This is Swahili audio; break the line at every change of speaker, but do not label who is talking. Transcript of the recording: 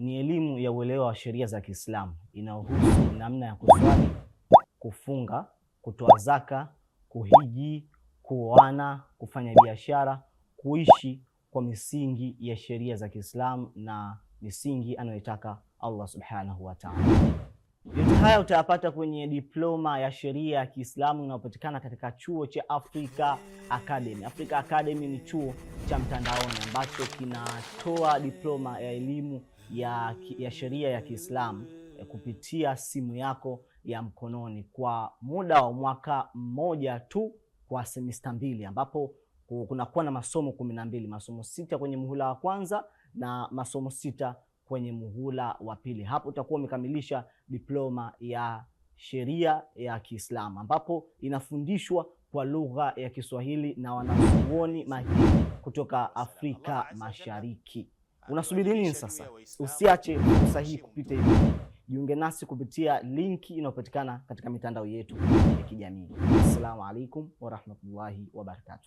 ni elimu ya uelewa wa sheria za Kiislamu inayohusu namna ya kuswali, kufunga, kutoa zaka, kuhiji, kuoana, kufanya biashara, kuishi kwa misingi ya sheria za Kiislamu na misingi anayotaka Allah subhanahu wa ta'ala. Yote haya utayapata kwenye diploma ya sheria ya Kiislamu inayopatikana katika chuo cha Africa Academy. Africa Academy ni chuo cha mtandaoni ambacho kinatoa diploma ya elimu ya, ya sheria ya Kiislamu eh, kupitia simu yako ya mkononi kwa muda wa mwaka mmoja tu kwa semesta mbili, ambapo kunakuwa na masomo kumi na mbili, masomo sita kwenye muhula wa kwanza na masomo sita kwenye muhula wa pili. Hapo utakuwa umekamilisha diploma ya sheria ya Kiislamu ambapo inafundishwa kwa lugha ya Kiswahili na wanazuoni mahiri kutoka Afrika Mashariki. Unasubiri nini sasa? Usiache usahihi kupita hivi. Jiunge nasi kupitia linki inayopatikana katika mitandao yetu ya kijamii. Assalamu alaikum warahmatullahi wabarakatu